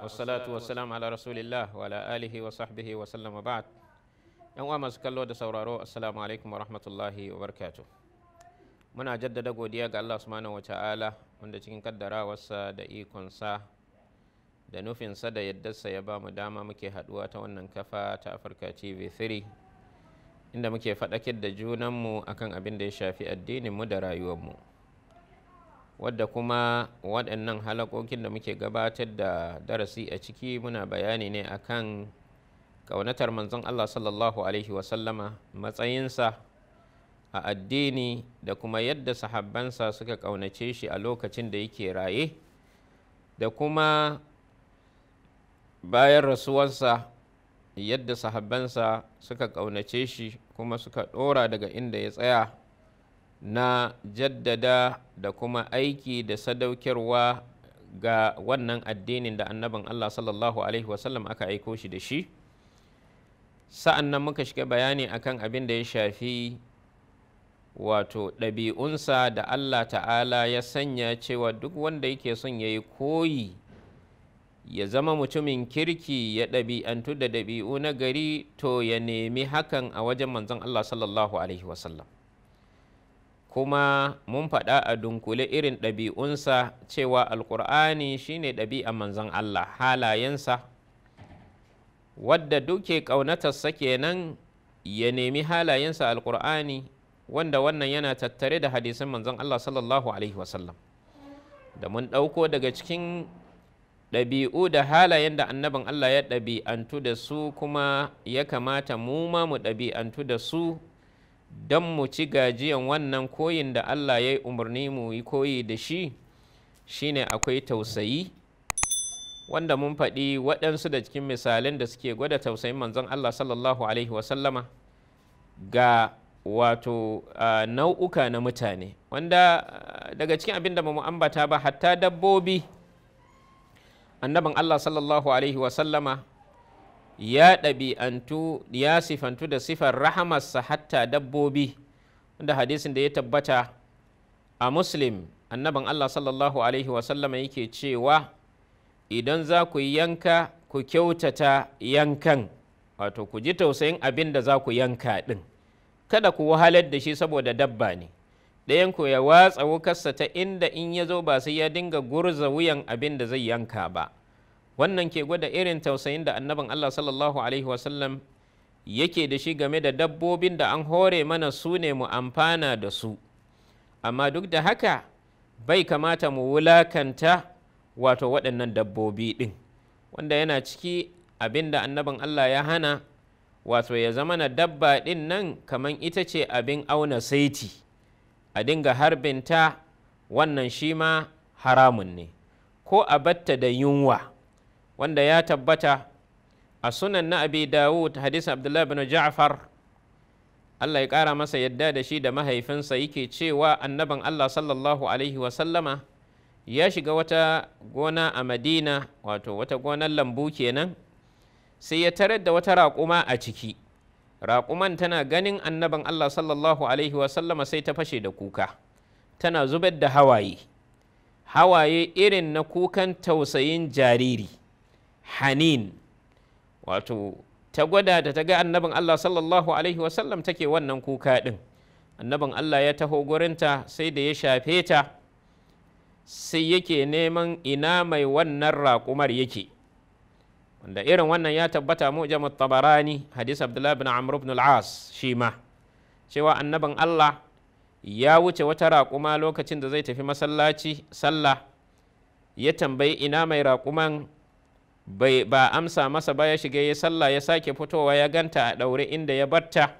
wasalatu wasalam ala rasulillah wa ala alihi wa sahbihi wa sallama ba'd yan uwa masu kallo da sauraro assalamu alaikum wa rahmatullahi wa barakatuh muna jaddada godiya ga Allah subhanahu wa ta'ala wanda cikin kaddarawarsa da ikonsa da nufinsa da yaddarsa ya ba mu dama muke haduwa ta wannan kafa ta Afirka TV 3 inda muke faɗakar da junanmu akan abin da ya shafi addinin mu da rayuwar mu. wadda kuma waɗannan halakokin da muke gabatar da darasi a ciki muna bayani ne akan ƙaunatar manzon Allah sallallahu alaihi wasallama matsayinsa a addini da kuma yadda sahabbansa suka ƙaunace shi a lokacin da yake raye da kuma bayan rasuwarsa yadda sahabbansa suka ƙaunace shi kuma suka ɗora daga inda ya tsaya na jaddada da kuma aiki da sadaukarwa ga wannan addinin da annabin Allah sallallahu alaihi wasallam aka aiko shi da shi sa'an nan muka shiga bayani akan abin da ya shafi wato ɗabi'unsa da Allah ta'ala ya sanya cewa duk wanda yake son ya yi koyi ya zama mutumin kirki ya ɗabi'antu da ɗabi'u na gari to ya nemi hakan a wajen manzon Allah sallallahu alaihi wasallam kuma mun faɗa a dunkule irin ɗabi'unsa cewa alkur'ani shine ɗabi'a manzon Allah halayensa wadda duke ƙaunatarsa kenan ya nemi halayensa Alƙur'ani wanda wannan yana tattare da hadisan manzon Allah sallallahu alaihi wasallam da mun ɗauko daga cikin ɗabi'u da halayen da annabin Allah ya ɗabi'antu da su kuma ya kamata mu ma mu ɗabi'antu da su don mu ci gajiyan wannan koyin da Allah ya yi umarni mu yi koyi da shi shine akwai tausayi wanda mun faɗi waɗansu da cikin misalin da suke gwada tausayin manzon Allah sallallahu alaihi wasallama ga wato nau'uka na mutane wanda daga cikin abin da mu ambata ba hatta dabbobi annabin Allah sallallahu alaihi wasallama ya ɗabi'antu ya sifantu da sifar rahamarsa hatta dabbobi wanda hadisin da ya tabbata a muslim annaban allah sallallahu alaihi wasallama yake cewa idan za ku yanka ku kyautata yankan wato ku ji tausayin abin da za ku yanka ɗin kada ku wahalar da shi saboda dabba ne ɗayan ku ya watsa wukarsa ta inda in ya zo ba sai ya dinga gurza wuyan abin da zai yanka ba wannan ke gwada irin tausayin da annaban Allah sallallahu alaihi wasallam yake da shi game da dabbobin da an hore mana su ne mu amfana da su amma duk da haka bai kamata mu wulakanta wato waɗannan dabbobi ɗin wanda yana ciki abin da annabin Allah ya hana wato ya zama na dabba ɗin nan kamar ita ce abin auna saiti a dinga harbinta wannan shi ma haramun ne ko a batta da yunwa wanda ya tabbata a sunan na abi dawud hadisin abdullahi bin ja'far allah ya kara masa yadda da shi da mahaifinsa yake cewa annaban allah sallallahu alaihi wasallama ya shiga wata gona a madina wato wata gonar lambu kenan sai ya tarar da wata raƙuma a ciki raƙuman tana ganin annaban allah sallallahu alaihi wasallama sai ta fashe da kuka tana zubar da hawaye hawaye irin na kukan tausayin jariri hanin wato ta gwada da ta ga annabin Allah sallallahu alaihi wasallam take wannan kuka ɗin annabin Allah ya taho gurinta sai da ya shafe ta sai yake neman ina mai wannan raƙumar yake wanda irin wannan ya tabbata mu jama'a tabarani hadis abdullahi bin amr ibn al-as shi ma cewa annabin Allah ya wuce wata raƙuma lokacin da zai tafi masallaci sallah ya tambayi ina mai raƙuman bai ba amsa masa ba ya shiga ya sallah ya sake fitowa ya ganta a ɗaure inda ya barta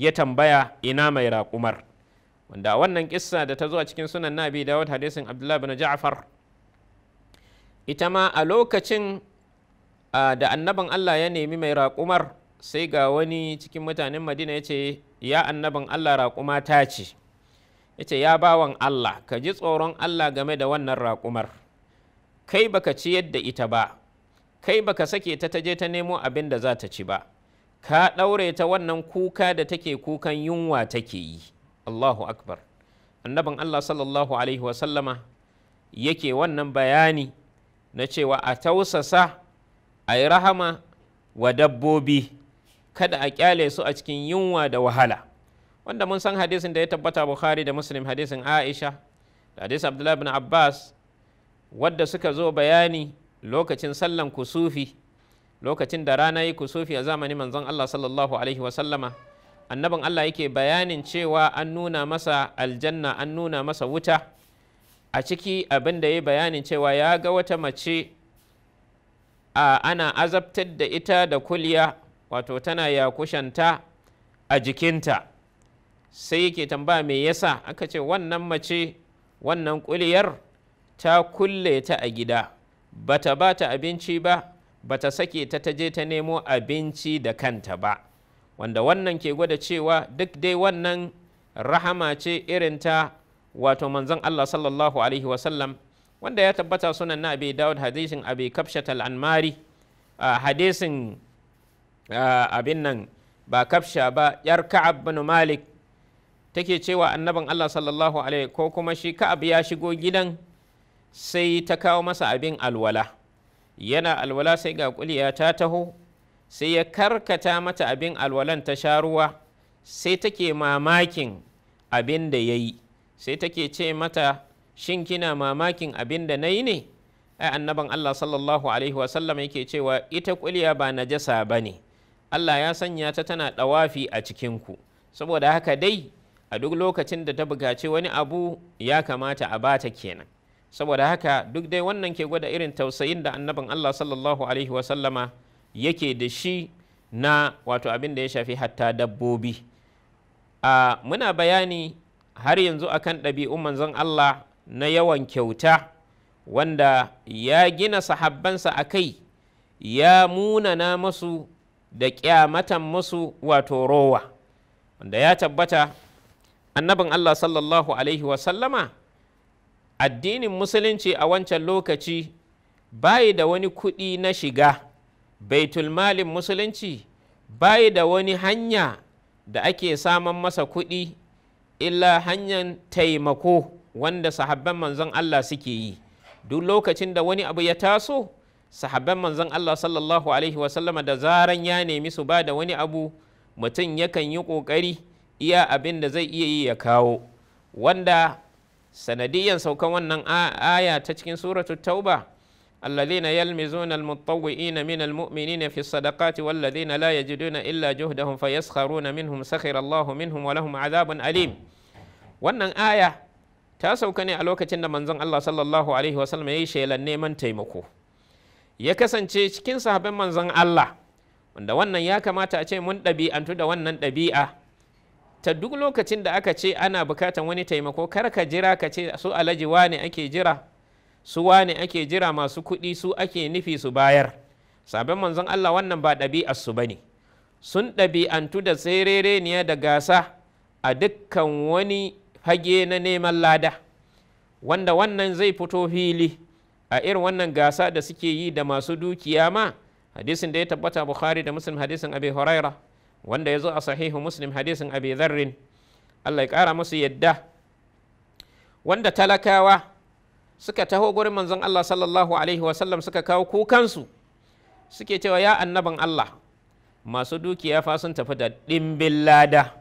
ya tambaya ina mai raƙumar wanda wannan kissa da ta zo a cikin sunan nabi dawud hadisin abdullahi bin ja'far ita ma a lokacin da annaban allah ya nemi mai raƙumar sai ga wani cikin mutanen madina ya ce ya annaban allah raƙuma ta ce ya ce ya bawan allah ka ji tsoron allah game da wannan raƙumar kai baka ci yadda ita ba kai baka sake ta taje ta nemo abin da za ta ci ba ka ɗaure ta wannan kuka da take kukan yunwa take yi Allahu akbar annabin Allah sallallahu alaihi wasallama yake wannan bayani na cewa a tausasa a yi rahama wa dabbobi kada a kyale su a cikin yunwa da wahala wanda mun san hadisin da ya tabbata bukhari da muslim hadisin aisha da hadisin abdullahi bin abbas wadda suka zo bayani lokacin sallan kusufi lokacin da rana yi kusufi a zamanin manzon Allah sallallahu alaihi wasallama annabin Allah yake bayanin cewa an nuna masa aljanna an nuna masa wuta a ciki abin da ya bayanin cewa ya ga wata mace a ana azabtar da ita da kulya wato tana ya yakushanta a jikinta sai yake tambaya me yasa aka ce wannan mace wannan kulyar ta kulle ta a gida bata bata abinci ba bata sake ta taje ta nemo abinci da kanta ba wanda wannan ke gwada cewa duk dai wannan rahama ce irin ta wato manzon Allah sallallahu alaihi wasallam wanda ya tabbata sunan na abi dawud hadisin abi kafshat al-anmari hadisin abin nan ba kafsha ba yar ka'ab bin malik take cewa annabin Allah sallallahu alaihi ko kuma shi ka'ab ya shigo gidan sai ta kawo masa abin alwala yana alwala sai ga kuliya ta taho sai ya karkata mata abin alwalan ta sha ruwa sai take mamakin abin da ya yi sai take ce mata shin kina mamakin abin da na yi ne ai annaban Allah sallallahu alaihi wasallam yake cewa ita kuliya ba na jasa ba ne Allah ya sanya ta tana ɗawafi a cikinku saboda haka dai a duk lokacin da ta bukaci wani abu ya kamata a bata kenan saboda haka duk dai wannan ke gwada irin tausayin da annabin Allah sallallahu alaihi wasallama yake da shi na wato abin da ya shafi hatta dabbobi a muna bayani har yanzu akan ɗabi'un manzon Allah na yawan kyauta wanda ya gina sahabbansa a kai ya munana masu da kyamatan masu wato rowa wanda ya tabbata annabin Allah sallallahu alaihi wasallama addinin musulunci a wancan lokaci bayi da wani kuɗi na shiga baitulmalin musulunci bayi da wani hanya da ake saman masa kuɗi illa hanyar taimako wanda sahabban manzon Allah suke yi duk lokacin da wani abu ya taso sahabban manzon Allah sallallahu alaihi wasallama da zaran ya nemi su ba da wani abu mutum yakan yi ƙoƙari iya abin da zai iya yi ya kawo wanda sanadiyan saukan wannan aya ta cikin suratu tauba الذين يلمزون المتطوئين من المؤمنين في الصدقات والذين لا يجدون إلا جهدهم فيسخرون منهم سخر الله منهم ولهم عذاب أليم wannan aya ta sauka ne a lokacin da manzon Allah sallallahu alaihi wasallam ya yi shelan neman taimako ya kasance cikin sahabban manzon Allah wanda wannan ya kamata a ce mun ɗabi'antu da wannan ɗabi'a ta duk lokacin da aka ce ana bukatan wani taimako kar ka jira ka ce su alaji wane ake jira su wane ake jira masu kuɗi su ake nufi su bayar sabon manzon Allah wannan ba ɗabi'ar su ne sun ɗabi'antu da tserereniya da gasa a dukkan wani hage na neman lada wanda wannan zai fito fili a irin wannan gasa da suke yi da masu dukiya ma hadisin da ya tabbata bukhari da muslim hadisin abi huraira wanda ya zo a sahihu muslim hadisin abi dharrin allah ya kara musu yadda wanda talakawa suka taho gurin manzon allah sallallahu alaihi wasallam suka kawo kukansu suke cewa ya annaban allah masu dukiya fa sun tafi da ɗimbin lada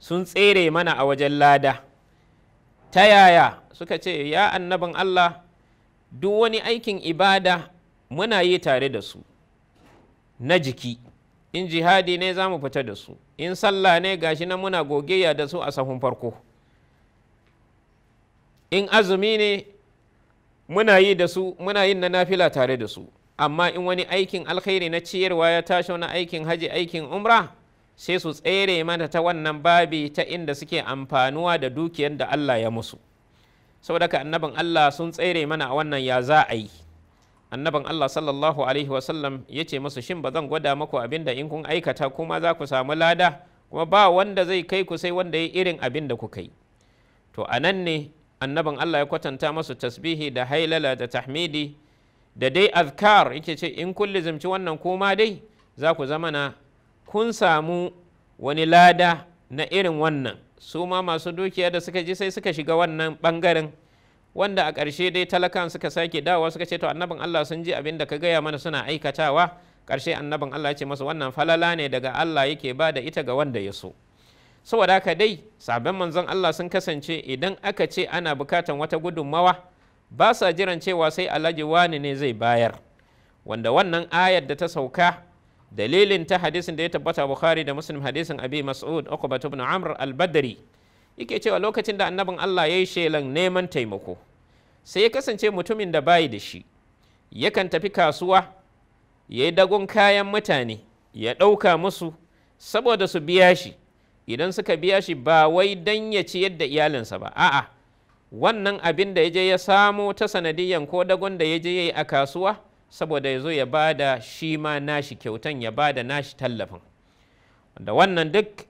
sun tsere mana a wajen lada ta yaya suka ce ya annabin allah duk wani aikin ibada muna yi tare da su na jiki in jihadi ne za mu fita da su in sallah ne gashi nan muna gogeya da su a sahun farko in azumi ne muna yi da su muna yin na nafila tare da su amma in wani aikin alkhairi na ciyarwa ya tashi na aikin haji aikin umra sai su tsere mana ta wannan babi ta inda suke amfanuwa da dukiyar da Allah ya musu saboda ka annabin Allah sun tsere mana a wannan ya za a yi Annaban Allah sallallahu alaihi wasallam ya ce musu shin ba zan gwada maku abinda in kun aikata kuma za ku samu lada kuma ba wanda zai kai ku sai wanda ya irin abin da kai to a nan ne annaban Allah ya kwatanta masu tasbihi da hailala da tahmidi da dai azkar yake ce in kun lizimci wannan kuma dai za ku zama na kun samu wani lada na irin wannan su ma masu dukiya da suka ji sai suka shiga wannan bangaren wanda a ƙarshe dai talakan suka sake dawa suka ce to annabin Allah sun ji abin da ka gaya mana suna aikatawa ƙarshe annabin Allah ya ce masa wannan falala ne daga Allah yake ba da ita ga wanda ya so saboda haka dai sabon manzon Allah sun kasance idan aka ce ana bukatan wata gudunmawa ba sa jiran cewa sai alhaji wani ne zai bayar wanda wannan ayar da ta sauka dalilin ta hadisin da ya tabbata Bukhari da Muslim hadisin Abi Mas'ud Uqbah ibn Amr al-Badri yake cewa lokacin da annabin Allah ya yi shelan neman taimako sai ya kasance mutumin da bayi da shi yakan tafi kasuwa ya yi dagon kayan mutane ya ɗauka musu saboda su biya shi idan suka biya shi ba wai don ya ci yadda iyalinsa ba a'a wannan abin da ya je ya samo ta sanadiyan ko dagon da ya je ya yi a kasuwa saboda ya zo ya ba da shi ma nashi kyautan ya ba da nashi tallafin da wannan duk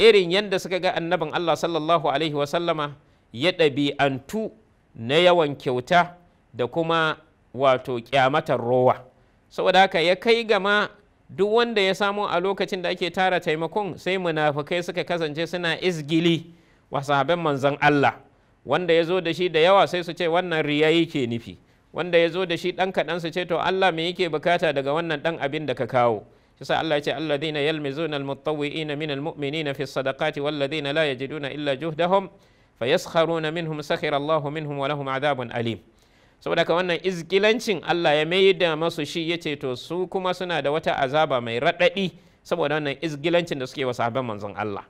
irin yadda suka ga annaban Allah sallallahu alaihi wasallama ya ɗabi'antu na yawan kyauta da kuma wato kyamatar rowa saboda haka ya kai gama duk wanda ya samo a lokacin da ake tara taimakon sai munafukai suka kasance suna izgili wa manzon Allah wanda ya zo da shi da yawa sai su ce wannan riya yake nufi wanda ya zo da shi ɗan kaɗan su ce to Allah me yake bukata daga wannan ɗan abin da ka kawo yasa Allah ya ce alladhina yalmizuna almutawwi'ina minal mu'minina fi sadaqati walladhina la yajiduna illa juhdahum fayaskharuna minhum sakhira Allahu minhum wa lahum alim saboda ka wannan izgilancin Allah ya mai da masu shi ya ce to su kuma suna da wata azaba mai raɗaɗi saboda wannan izgilancin da suke wa sahabban manzon Allah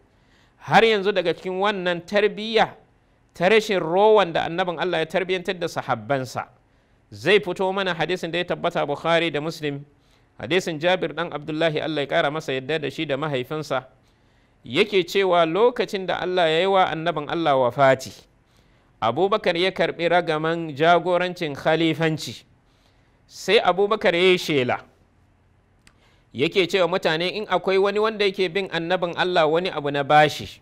har yanzu daga cikin wannan tarbiyya ta rashin rowan da annabin Allah ya tarbiyyantar da sahabbansa zai fito mana hadisin da ya tabbata Bukhari da Muslim hadisin jabir dan abdullahi allah ya kara masa yadda da shi da mahaifinsa yake cewa lokacin da allah ya yi wa annabin allah wa fati abubakar ya karbi ragaman jagorancin khalifanci sai abubakar ya yi shela yake cewa mutane in akwai wani wanda yake bin annabin allah wani abu na bashi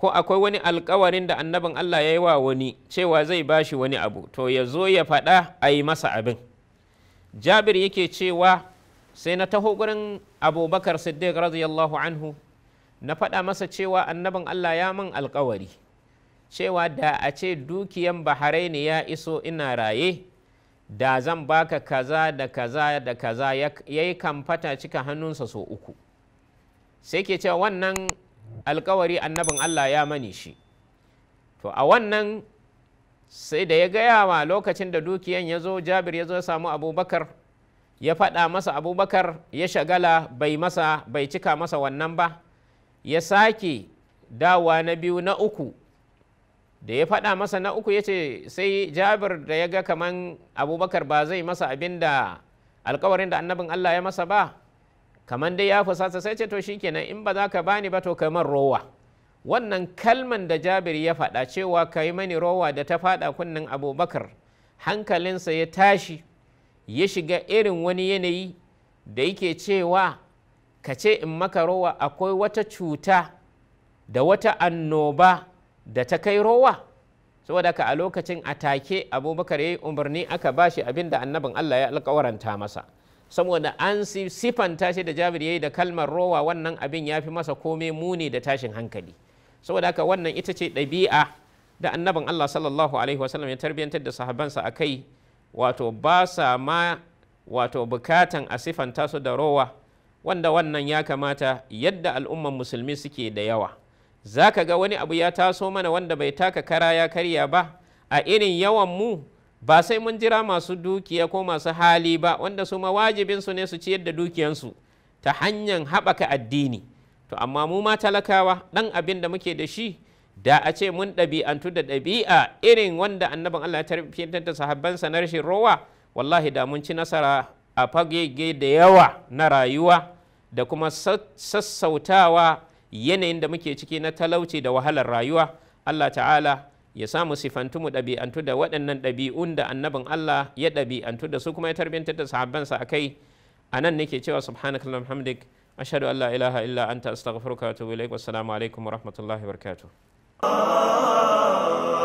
ko akwai wani alkawarin da annabin allah ya yi wa wani cewa zai bashi wani abu to ya zo ya faɗa a yi masa abin jabir yake cewa sai na taho gurin abubakar siddiq radiyallahu anhu na faɗa masa cewa annabin allah ya man alkawari cewa da a ce dukiyan baharai ne ya iso ina raye da zan baka kaza da kaza da kaza ya yi kamfata cika hannunsa so uku sai ke cewa wannan alkawari annabin allah ya mani shi to a wannan sai da ya gaya wa lokacin da dukiyan ya zo jabir ya zo ya samu abubakar ya faɗa masa abubakar ya shagala bai masa bai cika masa wannan ba ya sake dawa na biyu na uku da ya faɗa masa na uku ya ce sai jabir da ya ga kaman abubakar ba zai masa abin da alkawarin da annabin allah ya masa ba kaman dai ya fusata sai ce to shikenan in ba za ka bani ba to kamar rowa wannan kalman da jabir ya faɗa cewa ka yi mani rowa da ta faɗa kunnen abubakar hankalinsa ya tashi ya shiga irin wani yanayi da yake cewa ka ce in maka rowa akwai wata cuta da wata annoba da ta kai rowa saboda ka a lokacin atake abubakar ya yi umarni aka ba shi abin da annabin allah ya alkawaranta masa saboda an sifanta shi da jabir ya yi da kalmar rowa wannan abin ya fi masa komai muni da tashin hankali saboda haka wannan ita ce ɗabi'a da annabin allah sallallahu alaihi wasallam ya tarbiyantar da sahabansa a kai wato ba sa ma wato bukatan a sifanta su da rowa wanda wannan ya kamata yadda al'umman musulmi suke da yawa za ka ga wani abu ya taso mana wanda bai taka kara ya karya ba a irin yawan mu ba sai mun jira masu dukiya ko masu hali ba wanda su ma wajibinsu ne su ciyar da dukiyansu ta hanyar haɓaka addini to amma mu ma talakawa ɗan abin da muke da shi da a ce mun ɗabi'antu da ɗabi'a irin wanda annaban Allah ya tarbiyyar da sahabbansa na rashin rowa wallahi da mun ci nasara a fagege da yawa na rayuwa da kuma sassautawa yanayin da muke ciki na talauci da wahalar rayuwa Allah ta'ala ya samu sifantu mu ɗabi'antu da waɗannan ɗabi'un da annabin Allah ya ɗabi'antu da su kuma ya tarbiyyantar da sahabbansa a kai a nan nake cewa subhanaka hamdik ashhadu an la ilaha illa anta astaghfiruka wa atubu ilaik wassalamu alaikum wa rahmatullahi wa barakatuh Oh.